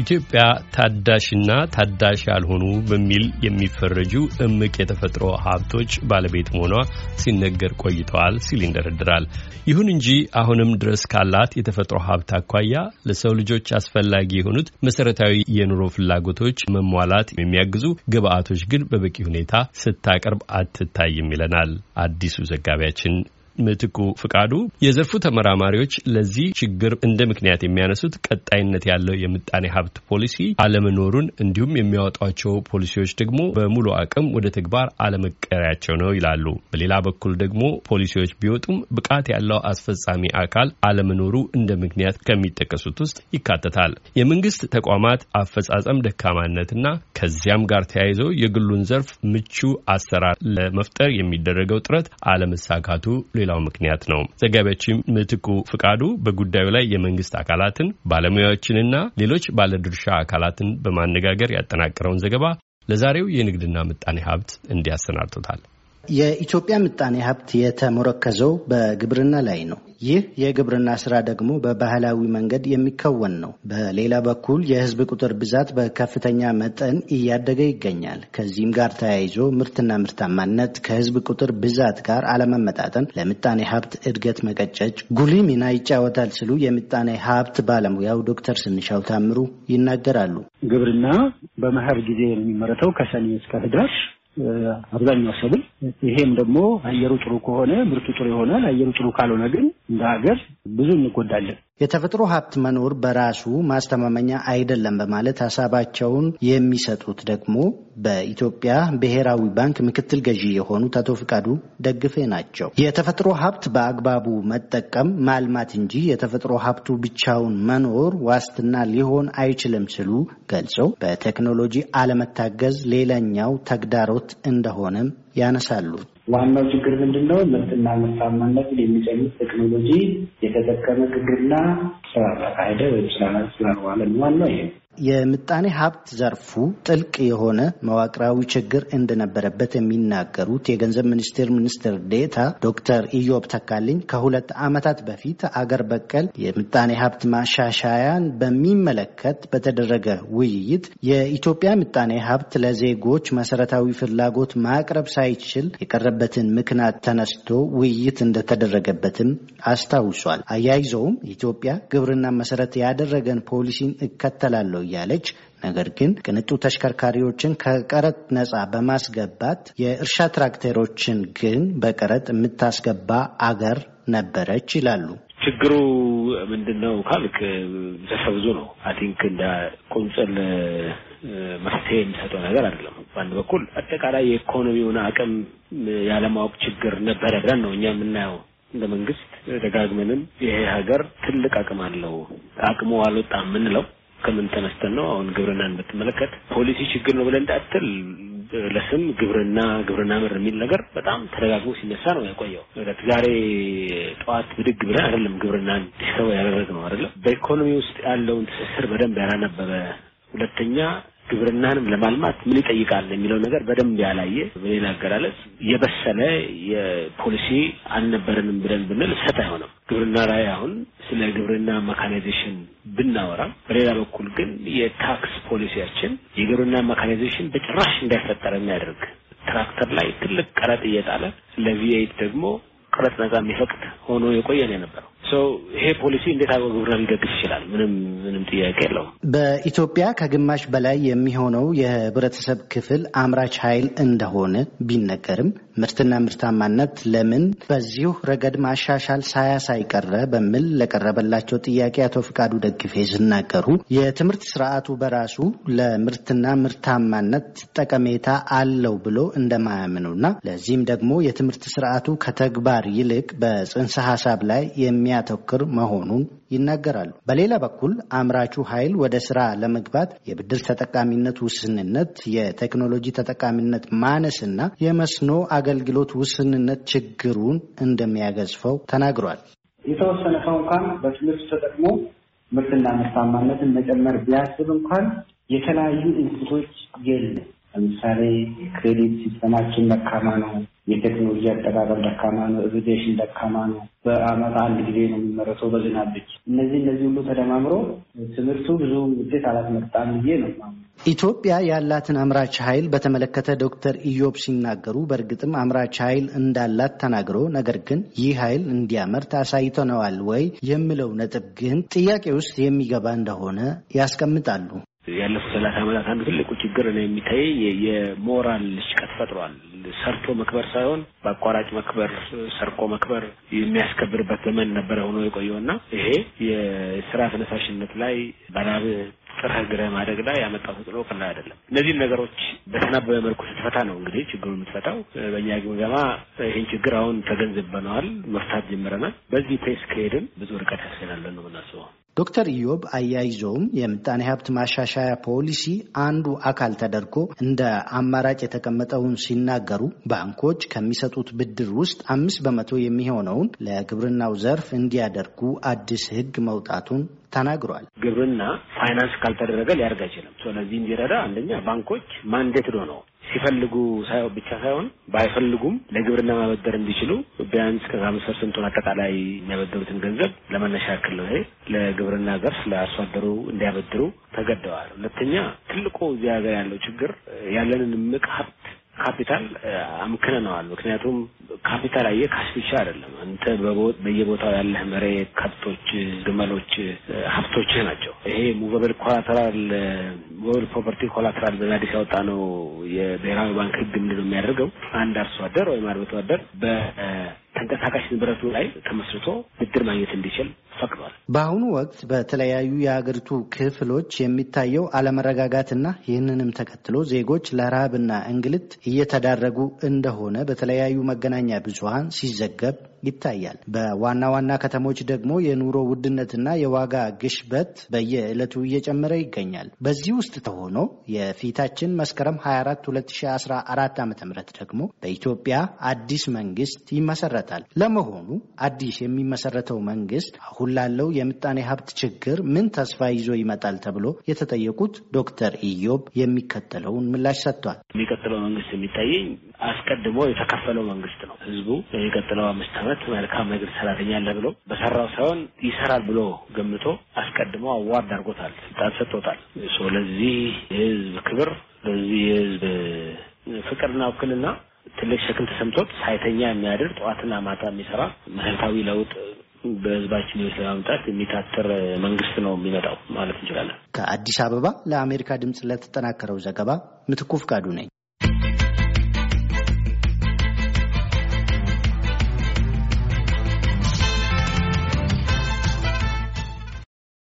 ኢትዮጵያ ታዳሽና ታዳሽ ያልሆኑ በሚል የሚፈረጁ እምቅ የተፈጥሮ ሀብቶች ባለቤት መሆኗ ሲነገር ቆይተዋል ሲል ይንደረድራል። ይሁን እንጂ አሁንም ድረስ ካላት የተፈጥሮ ሀብት አኳያ ለሰው ልጆች አስፈላጊ የሆኑት መሰረታዊ የኑሮ ፍላጎቶች መሟላት የሚያግዙ ግብአቶች ግን በበቂ ሁኔታ ስታቀርብ አትታይም ይለናል አዲሱ ዘጋቢያችን ምትኩ ፍቃዱ የዘርፉ ተመራማሪዎች ለዚህ ችግር እንደ ምክንያት የሚያነሱት ቀጣይነት ያለው የምጣኔ ሀብት ፖሊሲ አለመኖሩን እንዲሁም የሚያወጧቸው ፖሊሲዎች ደግሞ በሙሉ አቅም ወደ ተግባር አለመቀሪያቸው ነው ይላሉ። በሌላ በኩል ደግሞ ፖሊሲዎች ቢወጡም ብቃት ያለው አስፈጻሚ አካል አለመኖሩ እንደ ምክንያት ከሚጠቀሱት ውስጥ ይካተታል። የመንግስት ተቋማት አፈጻጸም ደካማነትና ከዚያም ጋር ተያይዞ የግሉን ዘርፍ ምቹ አሰራር ለመፍጠር የሚደረገው ጥረት አለመሳካቱ ሌላ ሌላው ምክንያት ነው። ዘጋቢያችን ምትኩ ፍቃዱ በጉዳዩ ላይ የመንግስት አካላትን ባለሙያዎችንና ሌሎች ባለድርሻ አካላትን በማነጋገር ያጠናቀረውን ዘገባ ለዛሬው የንግድና ምጣኔ ሀብት እንዲያሰናድቶታል። የኢትዮጵያ ምጣኔ ሀብት የተሞረከዘው በግብርና ላይ ነው። ይህ የግብርና ስራ ደግሞ በባህላዊ መንገድ የሚከወን ነው። በሌላ በኩል የህዝብ ቁጥር ብዛት በከፍተኛ መጠን እያደገ ይገኛል። ከዚህም ጋር ተያይዞ ምርትና ምርታማነት ከህዝብ ቁጥር ብዛት ጋር አለመመጣጠን ለምጣኔ ሀብት እድገት መቀጨጭ ጉልህ ሚና ይጫወታል ሲሉ የምጣኔ ሀብት ባለሙያው ዶክተር ስንሻው ታምሩ ይናገራሉ። ግብርና በመኸር ጊዜ የሚመረተው ከሰኔ እስከ ህዳር አብዛኛው ሰብል። ይሄም ደግሞ አየሩ ጥሩ ከሆነ ምርቱ ጥሩ ይሆናል። አየሩ ጥሩ ካልሆነ ግን እንደ ሀገር ብዙ እንጎዳለን። የተፈጥሮ ሀብት መኖር በራሱ ማስተማመኛ አይደለም በማለት ሀሳባቸውን የሚሰጡት ደግሞ በኢትዮጵያ ብሔራዊ ባንክ ምክትል ገዢ የሆኑት አቶ ፍቃዱ ደግፌ ናቸው። የተፈጥሮ ሀብት በአግባቡ መጠቀም ማልማት እንጂ የተፈጥሮ ሀብቱ ብቻውን መኖር ዋስትና ሊሆን አይችልም ሲሉ ገልጸው በቴክኖሎጂ አለመታገዝ ሌላኛው ተግዳሮት እንደሆነም ያነሳሉ። ዋናው ችግር ምንድን ነው? ምርትና ምርታማነትን የሚጨምር ቴክኖሎጂ የተጠቀመ ግብርና ስራ ስላካሄደ ወይም ስራ ስራ ዋለን ዋናው ይሄ የምጣኔ ሀብት ዘርፉ ጥልቅ የሆነ መዋቅራዊ ችግር እንደነበረበት የሚናገሩት የገንዘብ ሚኒስቴር ሚኒስትር ዴታ ዶክተር ኢዮብ ተካልኝ ከሁለት ዓመታት በፊት አገር በቀል የምጣኔ ሀብት ማሻሻያን በሚመለከት በተደረገ ውይይት የኢትዮጵያ ምጣኔ ሀብት ለዜጎች መሰረታዊ ፍላጎት ማቅረብ ሳይችል የቀረበትን ምክንያት ተነስቶ ውይይት እንደተደረገበትም አስታውሷል። አያይዘውም ኢትዮጵያ ግብርና መሰረት ያደረገን ፖሊሲን እከተላለሁ አለው እያለች ነገር ግን ቅንጡ ተሽከርካሪዎችን ከቀረጥ ነፃ በማስገባት የእርሻ ትራክተሮችን ግን በቀረጥ የምታስገባ አገር ነበረች ይላሉ። ችግሩ ምንድን ነው ካልክ ዘርፈ ብዙ ነው። አይ ቲንክ እንደ ቁንጽል መፍትሄ የሚሰጠው ነገር አይደለም። በአንድ በኩል አጠቃላይ የኢኮኖሚውን አቅም ያለማወቅ ችግር ነበረ ብለን ነው እኛ የምናየው እንደ መንግስት ደጋግመንም ይሄ ሀገር ትልቅ አቅም አለው አቅሙ አልወጣም የምንለው ከምን ተነስተን ነው አሁን ግብርናን ብትመለከት ፖሊሲ ችግር ነው ብለን እንዳትል ለስም ግብርና ግብርና ምር የሚል ነገር በጣም ተደጋግሞ ሲነሳ ነው የቆየው። ዛሬ ጠዋት ብድግ ብለን አይደለም ግብርናን ዲስከበር ያደረግ ነው አይደለም። በኢኮኖሚ ውስጥ ያለውን ትስስር በደንብ ያላነበበ ሁለተኛ ግብርናንም ለማልማት ምን ይጠይቃል የሚለው ነገር በደንብ ያላየ በሌላ አገላለጽ የበሰለ የፖሊሲ አልነበረንም ብለን ብንል ሰት አይሆንም። ግብርና ላይ አሁን ስለ ግብርና መካናይዜሽን ብናወራ፣ በሌላ በኩል ግን የታክስ ፖሊሲያችን የግብርና መካናይዜሽን በጭራሽ እንዳይፈጠር የሚያደርግ ትራክተር ላይ ትልቅ ቀረጥ እየጣለ ለቪኤት ደግሞ ቀረጥ ነጻ የሚፈቅድ ሆኖ የቆየ ነው የነበረው። ይሄ ፖሊሲ እንዴት አበ ግብርና ሊደግስ ይችላል? ምንም ምንም ጥያቄ የለውም። በኢትዮጵያ ከግማሽ በላይ የሚሆነው የህብረተሰብ ክፍል አምራች ኃይል እንደሆነ ቢነገርም ምርትና ምርታማነት ለምን በዚሁ ረገድ ማሻሻል ሳያሳይ ቀረ በሚል ለቀረበላቸው ጥያቄ አቶ ፍቃዱ ደግፌ ሲናገሩ የትምህርት ስርዓቱ በራሱ ለምርትና ምርታማነት ጠቀሜታ አለው ብሎ እንደማያምኑና ለዚህም ደግሞ የትምህርት ስርዓቱ ከተግባር ይልቅ በጽንሰ ሀሳብ ላይ የሚያ የሚያተኩር መሆኑን ይናገራሉ። በሌላ በኩል አምራቹ ኃይል ወደ ስራ ለመግባት የብድር ተጠቃሚነት ውስንነት፣ የቴክኖሎጂ ተጠቃሚነት ማነስ እና የመስኖ አገልግሎት ውስንነት ችግሩን እንደሚያገዝፈው ተናግሯል። የተወሰነ ሰው እንኳን በትምህርት ተጠቅሞ ምርትና ምርታማነትን መጨመር ቢያስብ እንኳን የተለያዩ ኢንስቲቶች የለም። ለምሳሌ የክሬዲት ሲስተማችን መካማ ነው። የቴክኖሎጂ አጠቃቀም ደካማ ነው፣ ኤቪቴሽን ደካማ ነው፣ በአመት አንድ ጊዜ ነው የሚመረተው በዝናብ ብቻ። እነዚህ እነዚህ ሁሉ ተደማምሮ ትምህርቱ ብዙ ውጤት አላስመጣም ብዬ ነው። ኢትዮጵያ ያላትን አምራች ኃይል በተመለከተ ዶክተር ኢዮብ ሲናገሩ በእርግጥም አምራች ኃይል እንዳላት ተናግሮ ነገር ግን ይህ ኃይል እንዲያመርት አሳይተነዋል ወይ የሚለው ነጥብ ግን ጥያቄ ውስጥ የሚገባ እንደሆነ ያስቀምጣሉ። ያለፉት ሰላሳ ዓመታት አንዱ ትልቁ ችግር ነው የሚታይ የሞራል ሽቀት ፈጥሯል። ሰርቶ መክበር ሳይሆን በአቋራጭ መክበር፣ ሰርቆ መክበር የሚያስከብርበት ዘመን ነበረ ሆኖ የቆየውና ይሄ የስራ ተነሳሽነት ላይ በላብ ጥረህ ግረህ ማደግ ላይ ያመጣው ተጽዕኖ ቀላል አይደለም። እነዚህም ነገሮች በተናበበ መልኩ ስትፈታ ነው እንግዲህ ችግሩ የምትፈታው። በእኛ ግምገማ ይህን ችግር አሁን ተገንዝበነዋል፣ መፍታት ጀምረናል። በዚህ ፔስ ከሄድን ብዙ ርቀት ያስገናለን ነው የምናስበው። ዶክተር ኢዮብ አያይዘውም የምጣኔ ሀብት ማሻሻያ ፖሊሲ አንዱ አካል ተደርጎ እንደ አማራጭ የተቀመጠውን ሲናገሩ ባንኮች ከሚሰጡት ብድር ውስጥ አምስት በመቶ የሚሆነውን ለግብርናው ዘርፍ እንዲያደርጉ አዲስ ሕግ መውጣቱን ተናግሯል። ግብርና ፋይናንስ ካልተደረገ ሊያደርግ አይችልም። ስለዚህ እንዲረዳ አንደኛ ባንኮች ማንዴት ነው ሲፈልጉ ሳይሆን ብቻ ሳይሆን ባይፈልጉም ለግብርና ማበደር እንዲችሉ ቢያንስ ከዛ አምስት ፐርሰንቱን አጠቃላይ የሚያበደሩትን ገንዘብ ለመነሻ ያክል ነው። ይሄ ለግብርና ዘርፍ ለአርሶ አደሩ እንዲያበድሩ ተገደዋል። ሁለተኛ ትልቁ እዚህ ሀገር ያለው ችግር ያለንን እምቅ ሀብት ካፒታል አምክነነዋል። ምክንያቱም ካፒታል አየ ካሽ ብቻ አይደለም። አንተ በየቦታው ያለህ መሬት፣ ከብቶች፣ ግመሎች ሀብቶችህ ናቸው። ይሄ ሙቨብል ኮላተራል ሙቨብል ፕሮፐርቲ ኮላተራል በዛዲስ ያወጣ ነው የብሔራዊ ባንክ ህግ ምንድን ነው የሚያደርገው አንድ አርሶ አደር ወይም አርብቶ አደር በተንቀሳቃሽ ንብረቱ ላይ ተመስርቶ ብድር ማግኘት እንዲችል ፈቅዷል። በአሁኑ ወቅት በተለያዩ የሀገሪቱ ክፍሎች የሚታየው አለመረጋጋትና ይህንንም ተከትሎ ዜጎች ለረሃብና እንግልት እየተዳረጉ እንደሆነ በተለያዩ መገናኛ ብዙሀን ሲዘገብ ይታያል። በዋና ዋና ከተሞች ደግሞ የኑሮ ውድነትና የዋጋ ግሽበት በየዕለቱ እየጨመረ ይገኛል። በዚህ ውስጥ ተሆኖ የፊታችን መስከረም 24 2014 ዓ ም ደግሞ በኢትዮጵያ አዲስ መንግስት ይመሰረታል። ለመሆኑ አዲስ የሚመሰረተው መንግስት አሁን በኩል ላለው የምጣኔ ሀብት ችግር ምን ተስፋ ይዞ ይመጣል ተብሎ የተጠየቁት ዶክተር ኢዮብ የሚከተለውን ምላሽ ሰጥቷል። የሚቀጥለው መንግስት የሚታየኝ አስቀድሞ የተከፈለው መንግስት ነው። ህዝቡ የሚቀጥለው አምስት ዓመት መልካም ነገር አለ ብሎ በሰራው ሳይሆን ይሰራል ብሎ ገምቶ አስቀድሞ አዋርድ አድርጎታል፣ ስልጣን ሰጥቶታል። ለዚህ የህዝብ ክብር ለዚህ የህዝብ ፍቅርና ውክልና ትልቅ ሸክም ተሰምቶት ሳይተኛ የሚያድር ጠዋትና ማታ የሚሰራ መሰረታዊ ለውጥ በህዝባችን ህይወት ለማምጣት የሚታትር መንግስት ነው የሚመጣው ማለት እንችላለን። ከአዲስ አበባ ለአሜሪካ ድምፅ ለተጠናከረው ዘገባ ምትኩ ፍቃዱ ነኝ።